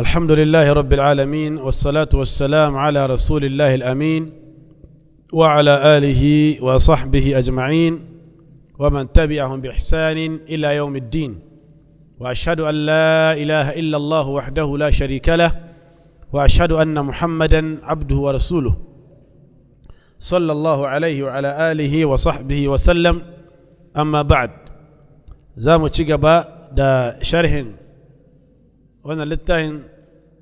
الحمد لله رب العالمين والصلاة والسلام على رسول الله الأمين وعلى آله وصحبه أجمعين ومن تبعهم بإحسان إلى يوم الدين وأشهد أن لا إله إلا الله وحده لا شريك له وأشهد أن محمدا عبده ورسوله صلى الله عليه وعلى آله وصحبه وسلم أما بعد زامو تشيقبا دا شرهن وانا littafin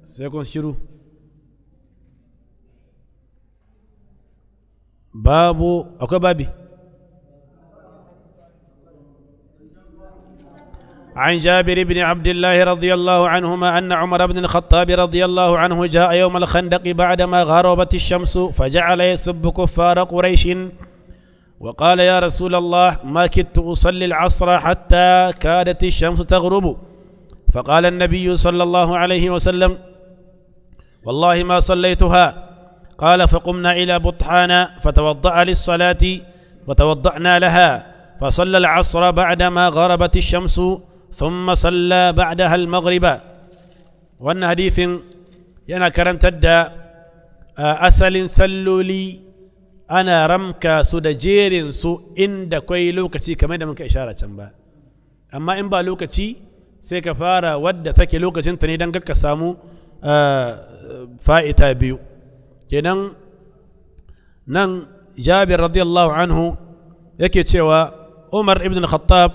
c'est qu'on shiru babu akwai babi عن جابر بن عبد الله رضي الله عنهما أن عمر بن الخطاب رضي الله عنه جاء يوم الخندق بعدما غربت الشمس فجعل يسب كفار قريش وقال يا رسول الله ما كدت أصلي العصر حتى كادت الشمس تغرب فقال النبي صلى الله عليه وسلم والله ما صليتها قال فقمنا إلى بطحانا فتوضأ للصلاة وتوضأنا لها فصلى العصر بعدما غربت الشمس ثم صلى بعدها المغرب وأن حديث ينا كرنت الدا آه، أسل سلوا لي أنا رمك سدجير سو إند كوي لوكتي كما منك إشارة تنبا أما إنبا لوكتي سيكفارة ود تكي لوكتي تنيدن دنك fa'ita biyu kenan nan jabir radiyallahu anhu yake cewa umar ibn khattab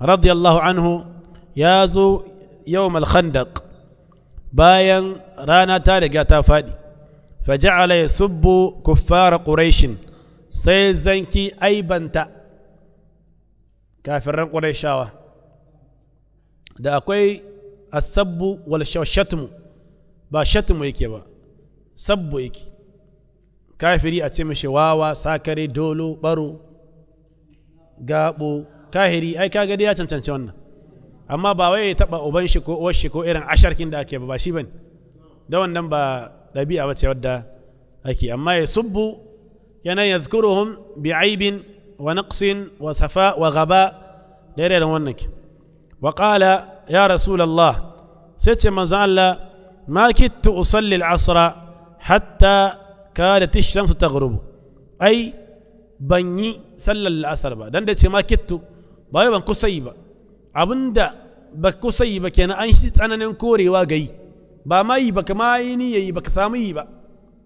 radiyallahu anhu ya zo yau khandaq bayan rana ta riga ta faɗi faja'ala ya subbu kuffara ƙureshin sai zanki aibanta kafiran ƙureshawa da akwai asabbu wal ba shatmu yake ba sabbo yake kafiri a ce mashi wawa sakare dolo baro gabo kahiri ai kaga dai ya cancanci wannan amma ba wai ya taba uban shi ko uwar shi ko irin asharkin da ake ba ba shi bane da wannan ba dabi'a ba ce wadda ake amma ya subbu yana yazkuruhum bi aibin wa naqsin wa safa wa gaba da irin wannan ki wa qala ya rasulullah sai ce manzo Allah ما كدت أصلي العصر حتى كادت الشمس تغرب أي بني صلى العصر بعد دندت ما كدت باي بنكو سيبا أبندا بكو كان أنشت أنا ننكوري واقعي با ما يبك ما يني يبك سامي يبا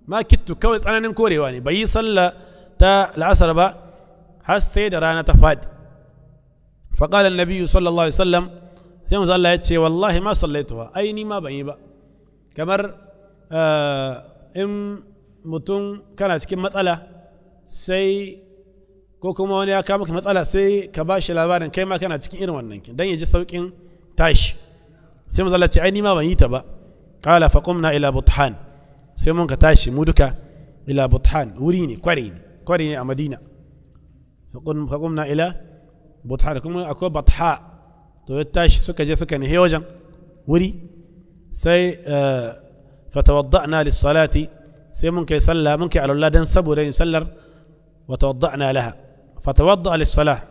ما كدت كويس أنا ننكوري واني بي صلى تا العصر با حسيد رانا تفاد فقال النبي صلى الله عليه وسلم سيما الله يتشي والله ما صليتها أيني ما بني بقى kamar eh, in mutum kana cikin matsala sai ko kuma wani ya kawo maka matsala sai ka ba shi labarin kai ma kana cikin irin wannan don ya ji sauƙin tashi sai matsala ce ai ma ban yi ta ba kala fa faqumna ila buthan sai mun ka tashi mu duka ila buthan wuri ne kwari ne kwari ne a madina faqumna ila buthan kuma akwai batha to ya tashi suka je suka nihe wajen wuri سي آه، فتوضأنا للصلاة سي ممكن يصلى ممكن على الله دين سبو دين سلر وتوضأنا لها فتوضأ للصلاة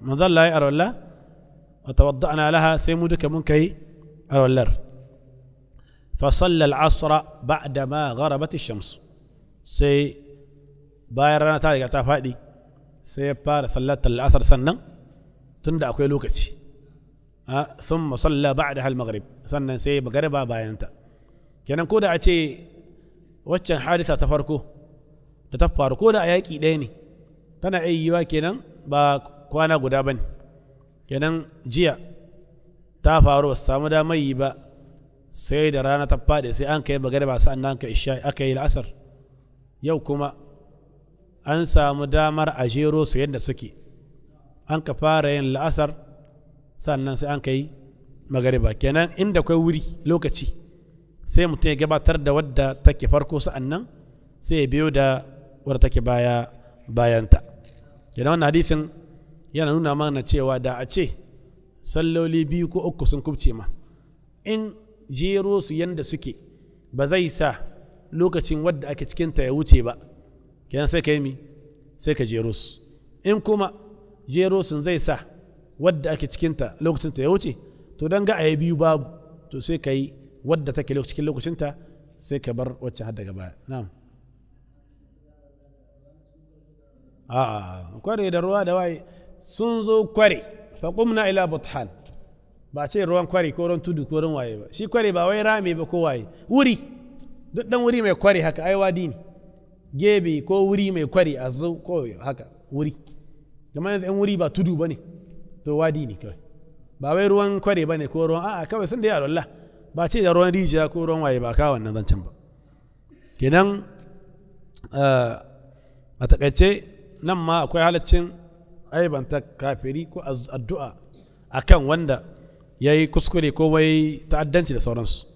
من ظل لا يأرى الله وتوضأنا لها سي مودك ممكن يأرى الله فصلى العصر بعدما غربت الشمس سي بايرنا تاريخ تافادي سي بار صلاة العصر سنة تندع كوي لوكتي thumma salla ba'daha al-maghrib sannan sai magariba bayanta kenan ko da a ce waccan hadisa ta farko da ta faru ko da a yaƙi ɗaya ne tana iya kenan ba kwana guda ba ne kenan jiya ta faru ba samu damar yi ba sai da rana ta faɗi sai an kai magariba sa'an ka isha aka yi la'asar yau kuma an samu damar a jero su yadda suke an ka fara yin la'asar sannan sai an kai magariba kenan inda kai wuri lokaci sai mutum ya gabatar da wadda take farko sa'annan sai ya biyo da wadda take baya bayanta kenan wannan hadisin yana nuna mana cewa da a ce salloli biyu ko uku sun kubce ma in jero su yanda suke ba zai sa lokacin wadda ake cikinta ya wuce ba kenan sai ka yi mi sai ka jero su in kuma jero sun zai sa wadda ake cikinta lokacinta ya wuce to don ga a biyu babu to sai ka yi wadda take cikin lokacinta sai ka bar wacce har daga baya na'am a kware da ruwa da waye sun zo kware fa qumna ila buthan ba ce ruwan kware ko ruwan tudu ko ruwan waye ba shi kware ba wai rame ba ko waye wuri duk dan wuri mai kware haka ai wadi ne gebe ko wuri mai kware a zo ko haka wuri kamar yanzu yan wuri ba tudu ba ne to wadi ne kawai ba wai ruwan kware ba ne ko ruwan a'a kawai sun da yi alwala ba ce da ruwan rijiya ko ruwan waye ba ka wannan zancen ba kenan eh, a takaice nan ma akwai halaccin aibanta kafiri ko addu'a a kan wanda ya yi kuskure ko wai ta'addanci da sauransu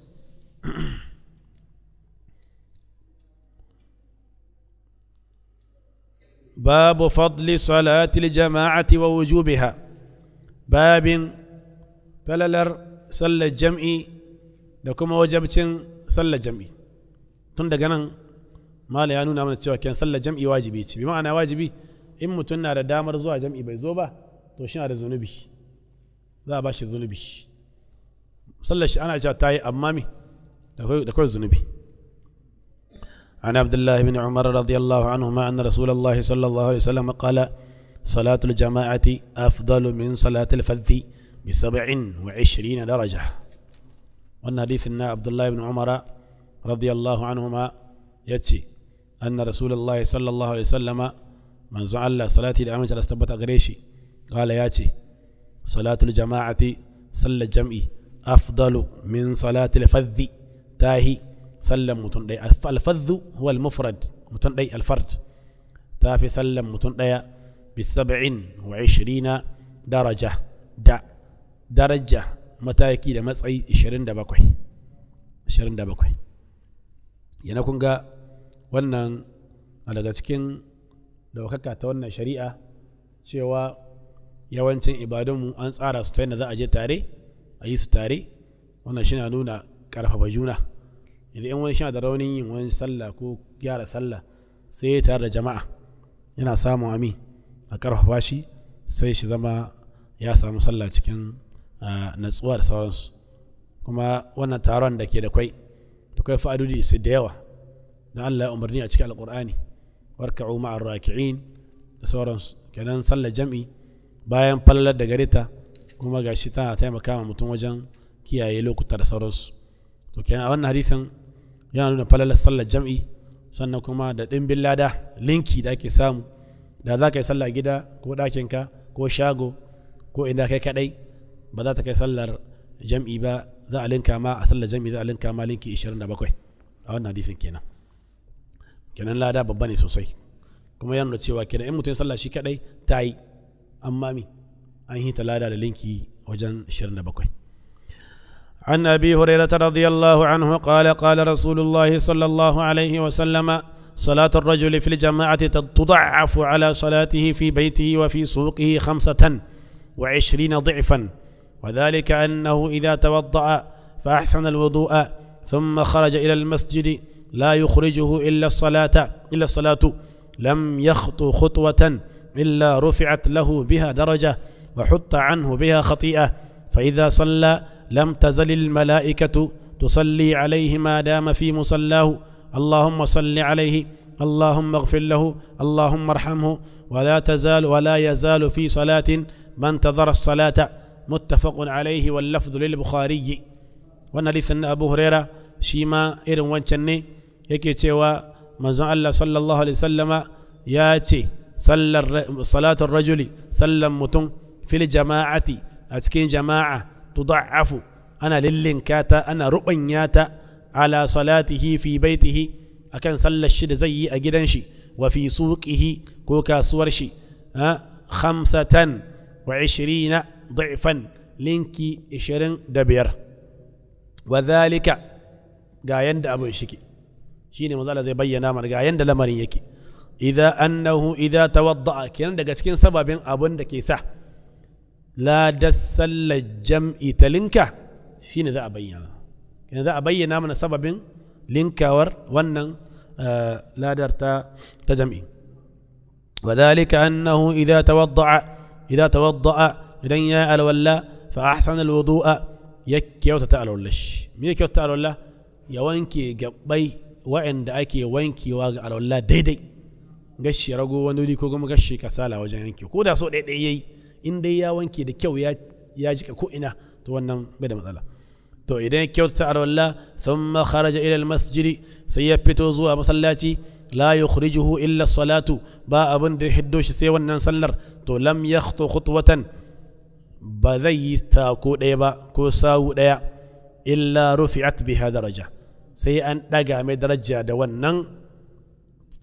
باب فضل صلاة الجماعة ووجوبها babin falalar sallar jam'i da kuma wajabcin sallar jam'i tun daga nan mala ya nuna mana cewa kyan sallar jam'i wajibi ce bi ma'ana wajibi in mutum na da damar zuwa jam'i bai zo ba to shi da zunubi za a ba shi zunubi sallar shi ana cewa ta yi amma mi da kawai zunubi عن عبد الله بن عمر رضي الله عنهما أن رسول الله صلى الله عليه وسلم قال صلاة الجماعة أفضل من صلاة الفذ بسبع وعشرين درجة وأن أن عبد الله بن عمر رضي الله عنهما يتشي أن رسول الله صلى الله عليه وسلم من زعل صلاتي لأمس لستبت أغريشي قال ياتي صلاة الجماعة صلى الجمع أفضل من صلاة الفذ تاهي سلم متندي الفذ هو المفرد متندي الفرد تافي سلم متندي bisaba'in wa ishirina daraja da daraja mataki da matsayi 27 27 yana kun ga wannan daga cikin daukaka ta wannan shari'a cewa yawancin ibadunmu an tsara su ta yadda za a je tare a yi su tare wannan shi na nuna karfafa juna idan wani shi da raunin yin wani sallah ko gyara sallah sai tare da jama'a yana samun amin a ƙarfafa shi sai shi zama ya samu sallah cikin natsuwa da sauransu kuma wannan taron da ke da kwai da kwai fa'adudi su da yawa don Allah ya umarni a cikin alƙur'ani warka'u ma'ar raki'in da sauransu kenan sallar jam'i bayan falalar da garita kuma gashi tana taimaka ma mutum wajen kiyaye lokuta da sauransu to kenan a wannan hadisin yana nuna falalar sallar jam'i sannan kuma da ɗimbin lada linki da ake samu da za ka yi sallah gida ko ɗakinka ko shago ko ina kai kaɗai ba za ta kai sallar jam'i ba za a linka ma a sallar jam'i za a linka ma linki 27 a wannan hadisin kenan kenan lada babba ne sosai kuma yana da cewa kenan in mutum sallah shi kaɗai ta yi amma mi an hita lada da linki wajen 27 عن ابي هريره رضي الله عنه قال قال رسول الله صلى الله عليه وسلم صلاة الرجل في الجماعة تضعف على صلاته في بيته وفي سوقه خمسة وعشرين ضعفا وذلك أنه إذا توضأ فأحسن الوضوء ثم خرج إلى المسجد لا يخرجه إلا الصلاة إلا الصلاة لم يخطو خطوة إلا رفعت له بها درجة وحط عنه بها خطيئة فإذا صلى لم تزل الملائكة تصلي عليه ما دام في مصلاه اللهم صل عليه اللهم اغفر له اللهم ارحمه ولا تزال ولا يزال في صلاة من انتظر الصلاة متفق عليه واللفظ للبخاري وانا لسن أبو هريرة شيما إرم وانشني يكي تيوى منزون الله صلى الله عليه وسلم ياتي صلى صلاة الرجل سلم متن في الجماعة أتكين جماعة تضعف أنا للنكاتا أنا رؤنياتا على صلاته في بيته akan sallar shi da zai yi a gidan shi wa fi suqihi ko kasuwar shi khamsatan wa 20 da'fan linki 25 wa dhalika ga yanda abun shiki shine manzo Allah zai bayyana mana ga yanda lamarin yake idza annahu idza tawadda'a kenan daga cikin sababin abun da ke sa la dasalla jam'i talinka shine za a bayyana kenan za a bayyana mana sababin لينكاور ونن آه لا درتا تجمي وذلك أنه إذا توضع إذا توضع رنيا الولا فأحسن الوضوء يكيو تتعلو لش ميكيو تتعلو لا يا وينكي جبي وين داكي وينكي واقع على الله ديدي غشي رجو وندي كوجو مغشي كسالة وجانكي كودا صوت ديدي إن ديا وينكي دكيو يا يا جك كو إنا تونا بدا مثلاً to idan ya kyautata arwalla thumma kharaja ila masjiri sai ya fito zuwa masallaci la yukhrijuhu illa salatu ba abin da ya hiddo shi sai wannan sallar to lam yakhtu khutwatan ba zai yi tako ɗaya ba ko sawu ɗaya illa at biha daraja sai an ɗaga mai daraja da wannan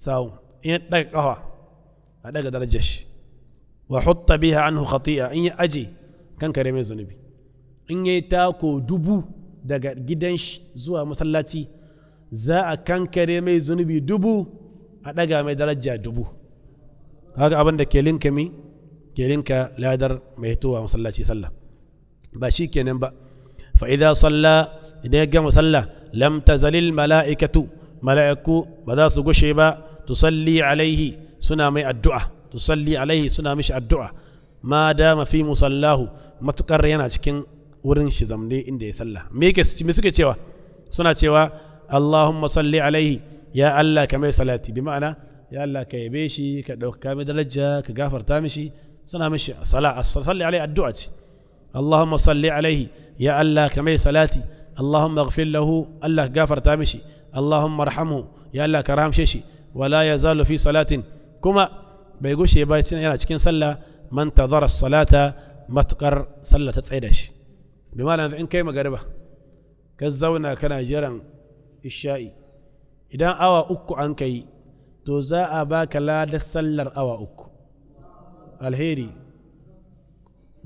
sawu in ɗaga ƙafa a ɗaga daraja shi wa hutta biha an khati'a in ya aji kare mai zunubi in yayi tako dubu daga gidan shi zuwa masallaci za a kankare mai zunubi dubu a ɗaga mai daraja dubu kaga abin da ke linka mi ke linka ladar mai hitowa masallaci sallah ba shi kenan ba fa idan salla idan ya gama sallah lam tazalil mala'ikatu mala'iku ba za su gushe ba tu salli alaihi suna mai addu'a tu salli alaihi suna mishi addu'a ma dama fi musallahu matukar yana cikin wurin shi zamne inda ya sallah me yake me suke cewa suna cewa Allahumma salli alaihi ya Allah ka mai salati bi ma'ana ya Allah ka yabe shi ka dauka mai daraja ka gafarta mishi suna mishi sala salli alaihi addu'a ce Allahumma salli alaihi ya Allah ka mai salati Allahumma ighfir lahu Allah gafarta mishi Allahumma arhamhu ya Allah ka rahamshe shi wala yazalu fi salatin kuma bai gushe ba yana cikin sallah man tadara salata matukar sallah ta tsaida shi bi yanzu in kai magariba ka zauna kana jiran isha'i idan awa uku an kai to za a baka ladar sallar awa uku alheri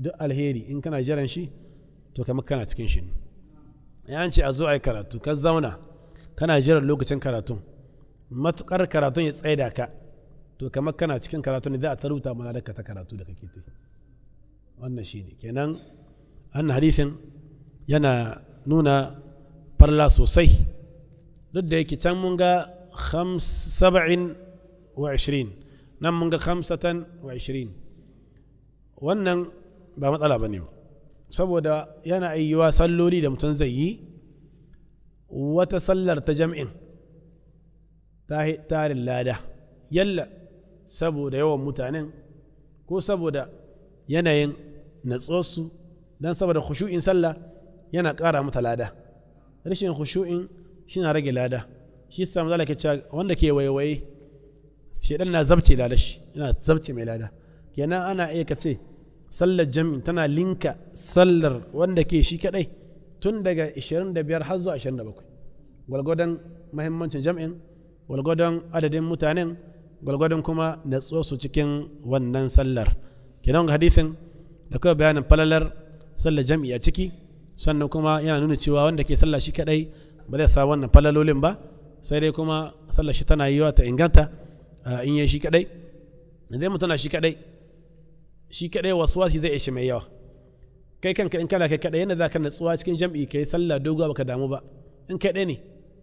duk alheri in kana jiran shi to kama kana cikin shi yan ce a zo a yi karatu ka zauna kana jiran lokacin karatun matukar karatun ya tsaida ka to kama kana cikin karatun ne za a taruta mana da ta karatu da kake ta wannan shi ne kenan an hadisin yana nuna farla sosai duk da yake can mun ga 27 wa nan mun ga 25 wa wannan ba matsala ba ne ba saboda yana ayyuwa salloli da mutum zai yi wata sallar ta jam'in ta tarin lada yalla saboda yawan mutanen ko saboda yanayin natsuwarsu don saboda khushu'in sallah yana ƙara mata lada rashin khushu'in shi na rage lada shi yasa manzo ke cewa wanda ke waiwaye shedan na zabce lada shi yana zabce mai lada kenan ana iya ka ce sallar jami'in tana linka sallar wanda ke shi kadai tun daga 25 har zuwa 27 gwalgwadon mahimmancin jami'in gwalgwadon adadin mutanen gwalgwadon kuma natsuwa su cikin wannan sallar kenan hadisin da kawai bayanin falalar sallar jam'i a ciki sannan kuma yana nuna cewa wanda ke sallar shi kadai ba zai sa wannan falalolin ba sai dai kuma sallar shi tana yiwa ta inganta in yi shi kadai zai mutuna shi kadai shi kadai wasu wasu zai ishe mai yawa kai kanka in kana kai kadai yana za ka natsuwa cikin jam'i kai sallah doguwa baka damu ba in kadai ne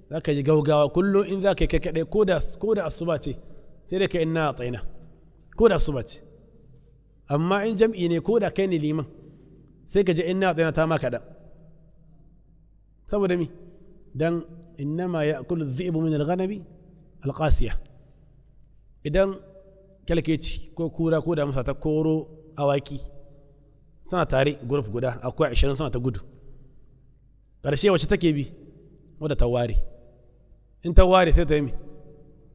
za ka ji gaugawa kullum in za ka kai kadai ko da asuba ce sai dai ka ina a tsaina ko da asuba ce amma in jam'i ne ko da kai ne liman sai ka ji in na yana ta ma kaɗan saboda mi na innama ya kullu zibu min al-ghanami al idan kyalkeci ko kura ko da masa ta koro awaki suna tare gurf guda akwai ashirin suna ta gudu ƙarshe wacce take bi wadda ta ware in ta ware sai ta yi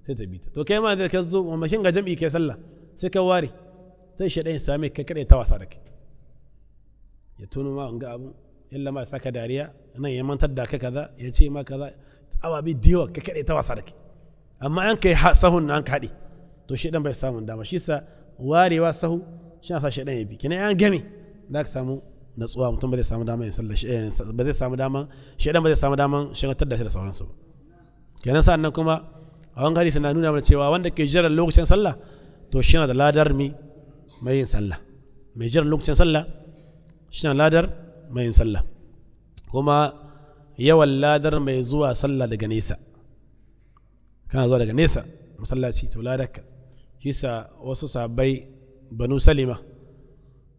sai ta bi ta to kai ma da ka zo mamakin ga jam'i kai sallah sai ka ware sai shaɗa ɗayan same kai kaɗai ta wasa da kai ya tuno ma ga abu illa ma saka dariya nan ya mantar da ka kaza ya ce ma kaza awa bi diwa ka kade ta wasa da ke amma an kai sahun na an kaɗe to shi bai samun dama shi sa warewa sahu shi sa shi ya bi kina an gami za ka samu natsuwa mutum ba zai samu dama yin sallah eh, ba zai samu dama shi ba zai samu dama shigantar da shi da sauransu ba kenan sa'an nan kuma a wani hadisi na nuna mana cewa wanda ke jiran lokacin sallah to shi na da ladar mi mai yin sallah mai jiran lokacin sallah shi ladar mai yin sallah kuma yawan ladar mai zuwa sallah daga nesa kana zuwa daga nesa masallaci to ladarka kisa wasu sabai banu salima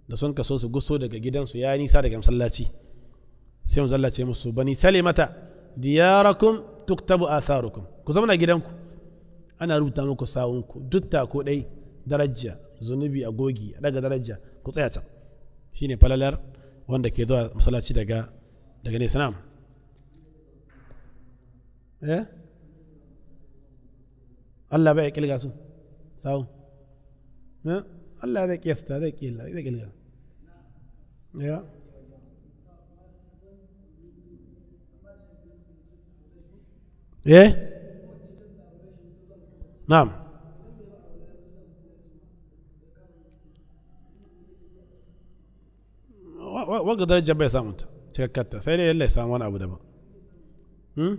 da sun kaso su guso daga gidansu ya nisa daga masallaci sai masallaci musu bani salimata diyarakum tuktabu atharukum ku zauna gidanku ana rubuta muku sawunku dutta ko dai daraja zunubi a gogi a daga daraja ku tsaya can shine falalar wanda ke zuwa masalaci daga daga ne sanam eh Allah bai kilga su sau eh Allah zai kiyasta zai kila zai kilga ya eh na'am wadda darajar bai samun ta cikakkarta sai dai yalla ya samu wani abu daban hmm?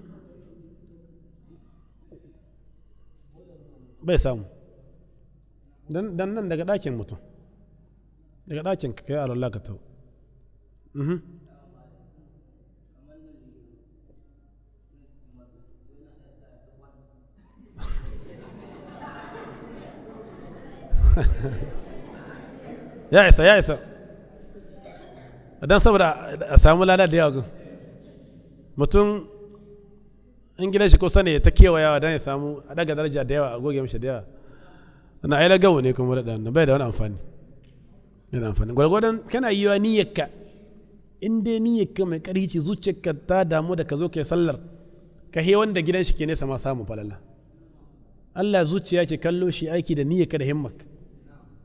bai samu dan nan daga ɗakin mutum daga ɗakin ka kai alallah ka tau mhm. ya isa ya isa don saboda a samu lalata da yawa gun mutum in gidan shi kusa ne ta kewayawa don ya samu a daga daraja da yawa a goge mishi da yawa na aila gawo ne kuma da na bai da wani amfani bai da amfani gwargwadon kana yi wa niyyarka in dai niyyarka mai ƙarfi zuciyarka ta damu da ka zo ka sallar ka he wanda gidan shi ke nesa ma samu falala Allah zuciya ke kallo shi aiki da niyyarka da himmak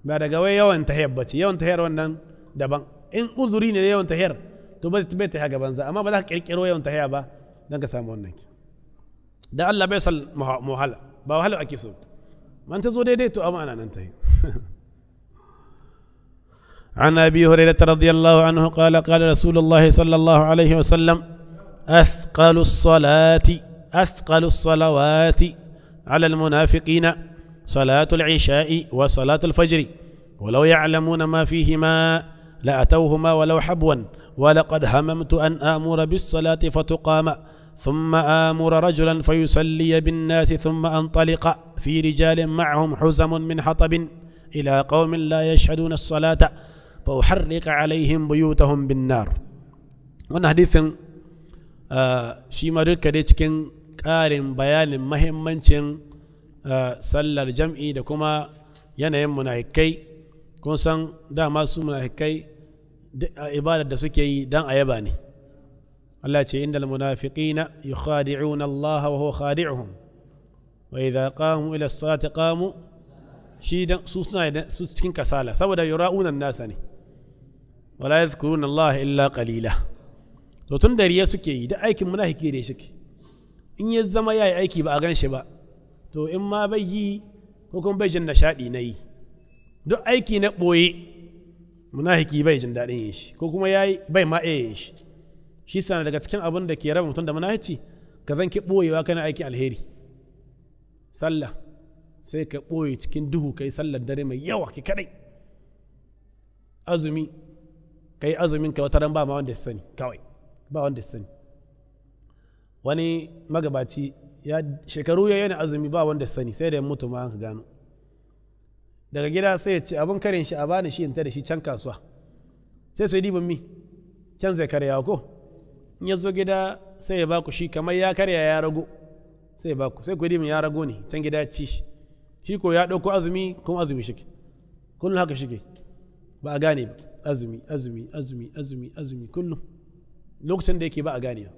ba daga wai yawan ta yabbace yawan ta wannan daban in uzuri ne yawan tahiyar to ba bai tahiya gaban za amma ba za ka kirkiro yawan tahiya ba don ka samu wannan ki da Allah bai sal muhala ba wahala ake so man ta zo daidai to amma ana nan tahi عن أبي هريرة رضي الله عنه قال قال رسول الله صلى الله عليه وسلم أثقل الصلاة أثقل الصلوات على المنافقين صلاة العشاء وصلاة الفجر ولو يعلمون ما فيهما لأتوهما ولو حبوا ولقد هممت أن آمر بالصلاة فتقام ثم آمر رجلا فيصلي بالناس ثم أنطلق في رجال معهم حزم من حطب إلى قوم لا يشهدون الصلاة فأحرق عليهم بيوتهم بالنار وانا حديث shi ma duka dai cikin ƙarin bayanin mahimmancin sallar jam'i da kuma yanayin kun san dama su munafikai a ibadar da suke yi dan a yaba ne Allah ce inda almunafiqina yukhadi'una Allah wa huwa khadi'uhum wa idza qamu ila as-salati qamu shi dan su suna su cikin kasala saboda yura'una nasa ne wala yadhkuruna Allah illa qalila to tun dariya suke yi da aikin munafiki da shi in ya zama yayi aiki ba a ganshi ba to in ma bai yi ko kuma bai jin nishadi na yi duk aiki na ɓoye munafiki bai jin daɗin yin shi ko kuma ya yi bai ma iya yin shi shi sana daga cikin abin da ke raba mutum da munafici ka zan ki ɓoyewa kana aikin alheri sallah sai ka ɓoye cikin duhu kai sallar dare mai yawa ki kadai azumi kai azumin ka wata ran ba ma wanda ya sani kawai ba wanda ya sani wani magabaci ya shekaru ya yana azumi ba wanda ya sani sai da ya mutu ma an ka gano daga gida sai ya ce abin karin shi a bani shi in ta da shi can kasuwa sai sai dibin mi can zai karya ko in ya zo gida sai ya baku shi kamar ya karya ya rago sai ya baku sai ku dibin ya rago ne can gida ci shi shi ko ya ɗauko azumi kuma azumi shi kullum haka shi ba a gane ba azumi azumi azumi azumi azumi kullum lokacin da yake ba a gane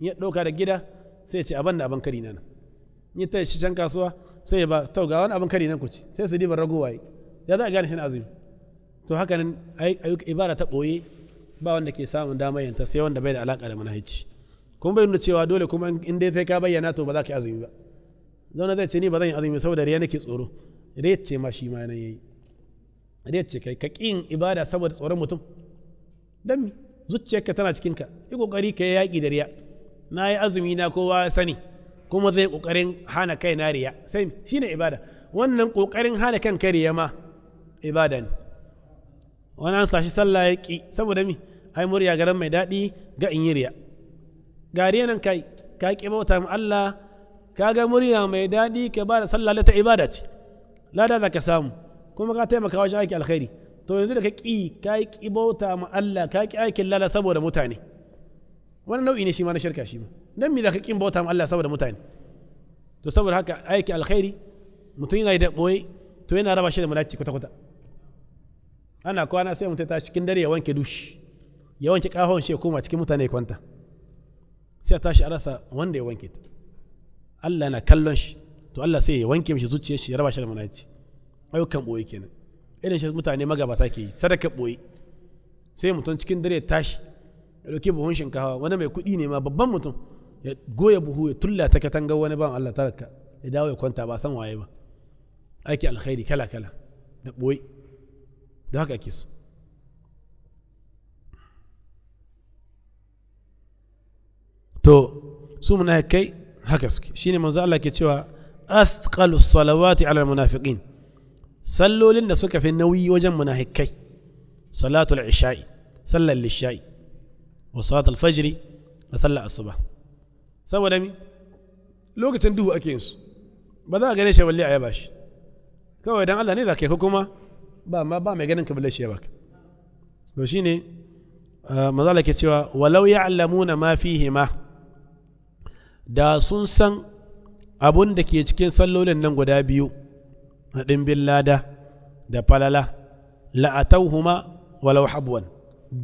ya ɗauka da gida sai ya ce abin da abin kari na nan ya ta shi can kasuwa sai ba to ga wani abin kari nan ku ci sai su diba ragowa ya za a gane shin azumi to haka nan ayyuka ibada ta ɓoye ba wanda ke samun damar yanta sai wanda bai da alaƙa da manhaji kuma bai nuna cewa dole kuma in dai sai ka bayyana to ba za ka yi azumi ba zauna zai ce ni ba zan yi azumi saboda riya nake tsoro riya ce ma shi ma nan yayi riya ce kai ka ƙin ibada saboda tsoron mutum dan zuciyarka tana cikinka yi kokari ka yi yaƙi da riya na yi azumi na kowa sani kuma zai ƙoƙarin hana kai na riya sai shi ne ibada wannan ƙoƙarin hana kan riya ma ibada ne wani an sashi sallah ya ki saboda mi ai murya garan mai daɗi ga in yi riya gariya nan kai ka ki bauta ma Allah ka ga murya mai daɗi ka ba da sallah ta ibada ce lada za ka samu kuma ka taimaka wajen aiki alkhairi to yanzu da ka ki ka ki bauta ma Allah ka ki aikin lala saboda mutane wani nau'i ne shi ma na shirka shi ma Nan mi da ka kin bauta ma Allah saboda mutane to saboda haka aiki alkhairi mutum yana da boye to yana raba shi da mulaci kwata kwata ana kwana sai mutum ta cikin dare ya wanke dushi ya wanke kahon shi ya koma cikin mutane ya kwanta sai a tashi a rasa wanda ya wanke ta Allah na kallon shi to Allah sai ya wanke mishi zuciyar shi ya raba shi da mulaci ayyukan boye kenan irin shi mutane magabata ke yi sadaka boye sai mutum cikin dare ya tashi ya ɗauki buhun shinkafa wani mai kuɗi ne ma babban mutum ya goya buhu ya tulla ta katanga wani ban Allah taraka ya dawo ya kwanta ba san waye ba aiki alkhairi kala kala da boye da haka ake so to su munafikai haka suke shine manzo Allah ke cewa asqalu salawati ala munafiqin sallolin da suka fi nauyi wajen munafikai salatul isha'i sallar lisha'i wa salatul fajri da sallar asuba saboda mi lokacin duhu ake yin su ba za a gane shi balle a yaba shi kawai dan Allah ne za ka yi hukuma ba ma ba mai ganin ka balle shi ya baka. to shine ah, manzo ke cewa walau ya'lamuna ma fihi ma da sun san abun da ke cikin sallolin nan guda biyu na ɗimbin lada da falala la'atauhuma walau habwan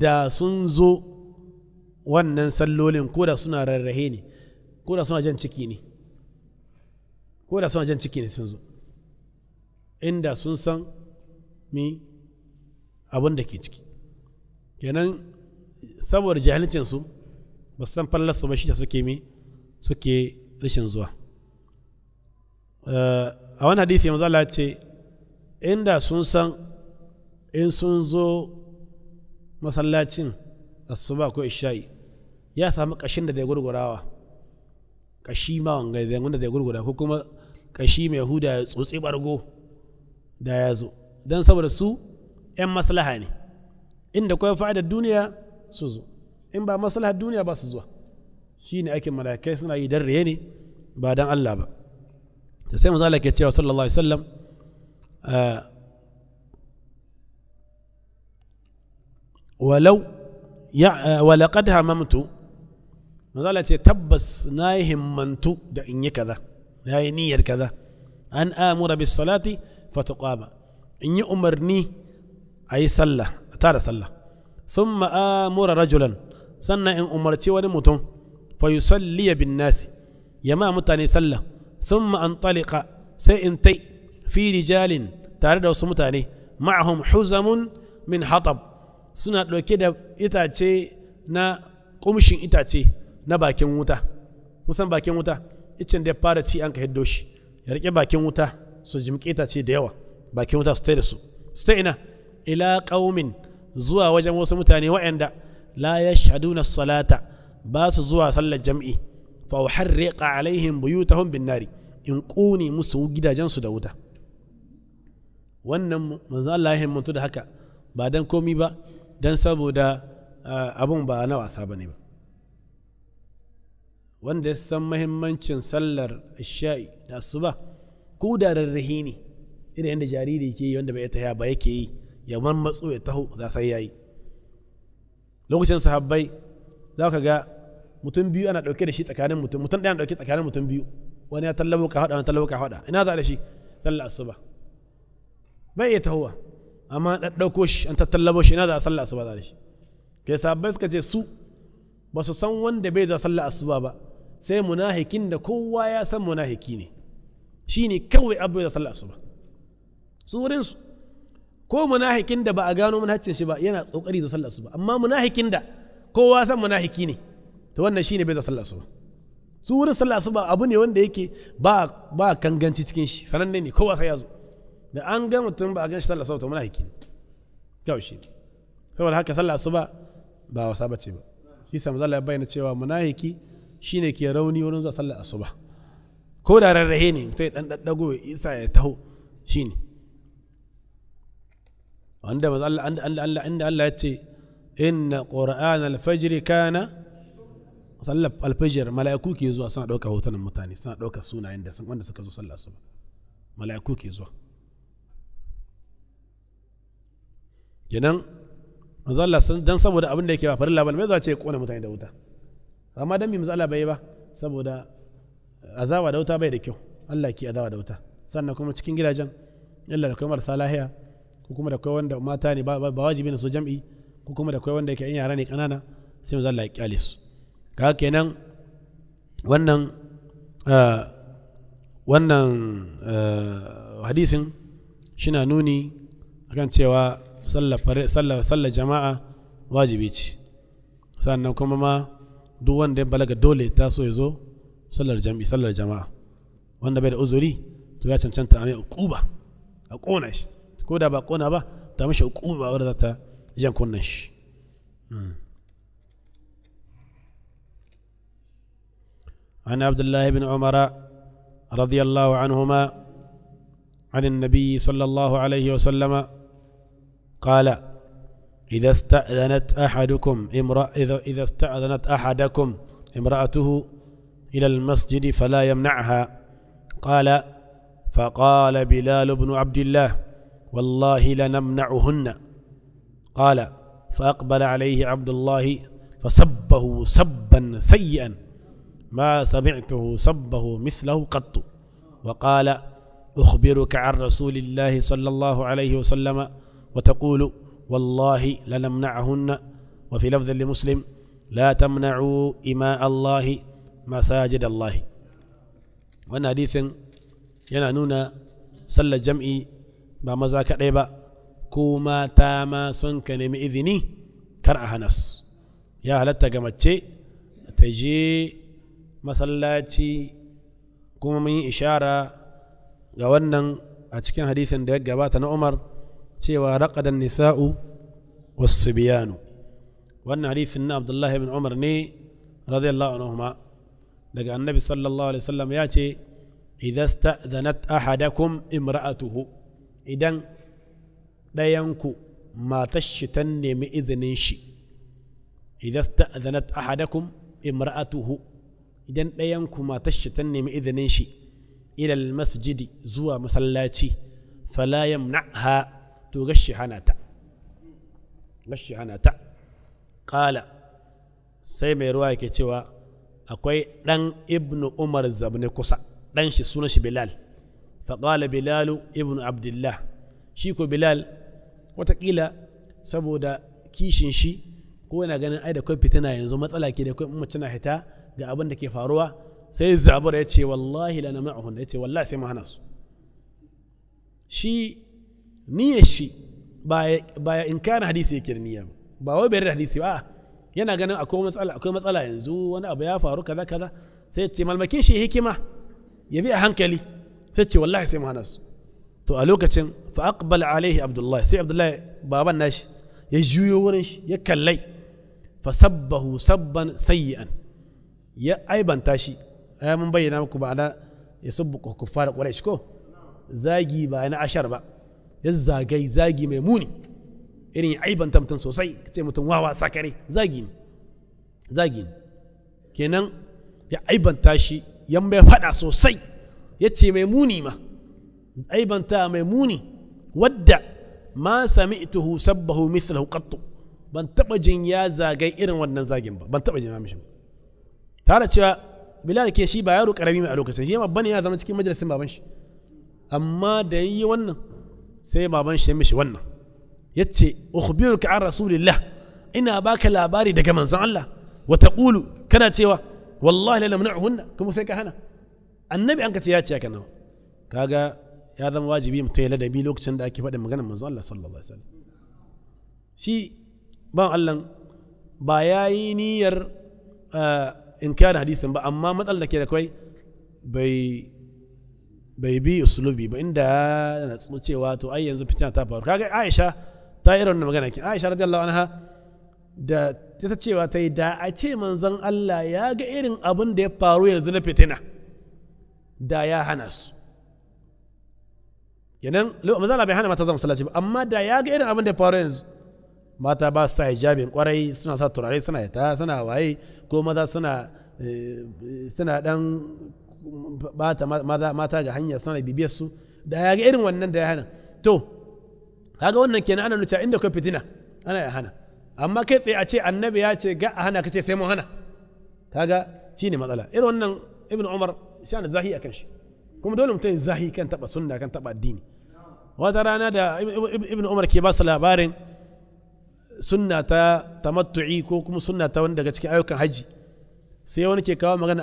da sun zo wannan sallolin ko da suna rarrahe ne ko da suna jan ciki ne ko da suna jan ciki ne sun zo inda sun san mi abin da ke ciki kenan saboda jahilcinsu ba san fallarsu ba shi da suke mi suke rashin zuwa eh, a wani hadisi yanzu Allah ce inda sun san in sun zo masallacin asuba ko isha'i ya samu kashin da da gurgurawa kashima ma wanga zan wanda zai gurgura ko kuma kashi mai huda tsotsi bargo da ya zo saboda su 'yan maslaha ne inda kawai fa'idar duniya su zo in ba maslaha duniya ba su zuwa shine ake aikin malakai suna yi darre ne ba dan Allah ba da sai manzo Allah ke cewa sallallahu alaihi wasallam walau ولقد هممت mazala ce tabbas na yi himmantu da in yi kaza na yi niyyar kaza an amura bis salati in yi umarni a yi sallah a tara sallah thumma mura rajulan sannan in umarci wani mutum fa yusalliya bin nasi ya ma mutane sallah thumma an talika sai in tai fi rijalin tare da wasu mutane ma'ahum huzamun min hatab suna ɗauke da itace na ƙumshin itace na bakin wuta musan bakin wuta iccen da ya fara ci an ka heddo shi ya rike bakin wuta su jimƙe ta ce da yawa bakin wuta su tai da su su ta ina ila qaumin zuwa wajen wasu mutane waɗanda la yashhaduna salata ba su zuwa sallar jam'i fa uharriqa alaihim buyutahum bin nari in ƙone musu gidajensu da wuta wannan manzo Allah ya himmantu da haka ba dan komi ba dan saboda ah, abun ba na wasa bane ba wanda ya san mahimmancin sallar isha'i da asuba ko da rarrahi ne irin yadda jariri ke yi wanda bai ta ba yake yi ya matso ya taho za sai yayi lokacin sahabbai za ka ga mutum biyu ana dauke da shi tsakanin mutum mutum ɗaya ana dauke tsakanin mutum biyu wani ya tallabo ka hada wani tallabo ka hada ina za da shi sallar asuba bai iya tahowa amma an ɗauko shi an ta tallabo shi ina za a sallar asuba za da shi kai sahabbai suka ce su ba su san wanda bai zuwa sallar asuba ba sai munahikin da kowa ya san munahiki ne shi ne kawai abu da sallah asuba su wurinsu ko munahikin da ba a gano munahicin shi ba yana tsokari da sallah asuba amma munahikin da kowa san munahiki ne to wannan shi ne bai da sallah asuba su wurin sallah asuba abu ne wanda yake ba ba kanganci cikin shi sananne ne kowa sai ya zo da an ga mutum ba a gan shi sallah asuba to munahiki ne kawai shi saboda haka sallah asuba ba wasa bace ba shi sa manzo Allah ya bayyana cewa munahiki ne ke rauni wurin zuwa sallar asuba ko da rarrahe ne mutum ya dan daddago ya isa ya taho shi ne wanda manzo Allah Allah inda Allah ya ce inna qur'an al-fajr kana sallar al-fajr mala'iku ke zuwa suna dauka hotunan mutane suna dauka sunayen da wanda suka zo sallar asuba mala'iku ke zuwa kenan manzo Allah dan saboda abin da yake ba farilla bane mai zuwa ce ya kona mutane da wuta amma dan bi mu Allah bai ba saboda azawa da wuta bai da kyau Allah ki azawa da wuta sannan kuma cikin gidajen illa da kai marasa lahiya ko kuma da kai wanda mata ne ba wajibi ne su jam'i ko kuma da kai wanda yake yan yara ne kanana sai mu zalla ya kyale su kenan wannan ah, wannan ah, hadisin shina nuni akan cewa sallar jama'a wajibi ce sannan kuma ma duk wanda ya balaga dole ta so ya zo sallar jami'i sallar jama'a wanda bai da uzuri to ya cancanta a mai ukuba a kona shi ko da ba kona ba ta mishi ukuba wadda za ta jan kunnan shi عن عبد الله بن عمر رضي الله عنهما عن النبي صلى الله عليه وسلم قال إذا استأذنت أحدكم امرأة إذا, إذا استأذنت أحدكم امرأته إلى المسجد فلا يمنعها قال فقال بلال بن عبد الله والله لنمنعهن قال فأقبل عليه عبد الله فسبه سبا سيئا ما سمعته سبه مثله قط وقال أخبرك عن رسول الله صلى الله عليه وسلم وتقول والله لنمنعهن وفي لفظ لمسلم لا تمنعوا إماء الله مساجد الله وأن حديث ينانون صلى الجمع بمزا كريبا كوما تاما سنك نمي إذني كرأها نفس يا هلتا قمتشي تجي مسلاتي كوما من إشارة ishara أتكين wannan a cikin عمر cewa raƙadan nisa'u wasu biyanu wannan hadisin na abdullahi bin umar ne radiyallahu anhu daga annabi sallallahu alaihi wasallam ya ce idan sta'zanat ahadakum imra'atuhu idan ɗayanku matar shi ta nemi izinin shi idan sta'zanat ahadakum imra'atuhu idan ɗayanku matar shi ta nemi izinin shi ilal masjidi zuwa masallaci fala yamna'ha to hana ta hana ta ƙala sai mai ruwa yake cewa akwai ɗan ibnu umar zabne kusa ɗan shi sunan shi bilal faƙala bilalu ibnu abdullah shi ko bilal watakila saboda kishin shi ko yana ganin ai da kwai fitina yanzu matsala ke da kwai mace na hita ga abin da ke faruwa sai zabura ya ce wallahi lana ma'ahun ya ce wallahi sai mu hana su shi niyyar shi ba ya inkarin hadisi yake da niyya ba wai bayar da hadisi ba yana ganin akwai matsala akwai matsala yanzu wani abu ya faru kaza kaza sai ce malmakin shi hikima ya bi a hankali sai ce wallahi sai mu to a lokacin fa aqbal alaihi abdullahi sai abdullahi baban nashi ya juyo wurin shi ya kallai fa sabbahu sabban sayyi'an ya aibanta shi ai mun bayyana muku ba ya subbu kuffar quraish ko zagi ba na ashar ba ya zagai zagi mai muni irin ya aibanta mutum sosai ce mutum wawa sakare zagi ne zagi ne kenan ya aibanta shi yan mai faɗa sosai ya ce mai muni ma aibanta mai muni wadda ma sami sami'tuhu sabbahu misal qattu ban taɓa jin ya zagai irin wannan zagin ba ban taɓa jin mishi tare cewa bilal ke shi ba yaro karami mai a lokacin shi babba ne ya zama cikin majalisin baban shi amma da yi wannan sai baban shi ya mishi wannan ya ce ukhbiruka an rasulillah ina baka labari daga manzon Allah wa taqulu kana cewa wallahi la namna'uhunna kuma sai ka hana annabi an ka ce ya ce haka nawa kaga ya zama wajibi mutum ya ladabi lokacin da ake faɗin maganar manzon Allah sallallahu alaihi wasallam shi ban Allah ba ya yi niyyar eh, inkarin hadisin ba amma matsalar da ke da kai bai bai bi usulubi ba inda yana tsoro cewa to ai yanzu fitina ta faru kaga Aisha ta yi irin magana ki Aisha radiyallahu anha da ta cewa ta yi da a ce manzon Allah ya ga irin abin da ya faru yanzu na fitina da ya hana su kenan manzon Allah bai hana mata zama masallaci ba amma da ya ga irin abin da ya faru yanzu mata ba su sa hijabin kwarai suna sa turare suna ta suna waye ko maza suna eh, suna dan bata mata ga hanya suna bibiyar su da ya ga irin wannan da ya hana to kaga wannan kenan ana nuca inda kai fitina ana ya hana amma kai tsaye a ce annabi ya ce ga a hana kace sai mun hana kaga shine matsala irin wannan ibnu umar shana zahi akan shi kuma dole mutum zahi kan taba sunna kan taba addini wata rana da ibnu umar ke ba su labarin sunna ta tamattu'i ko kuma sunna ta wani daga cikin ayyukan haji sai wani ke kawo magana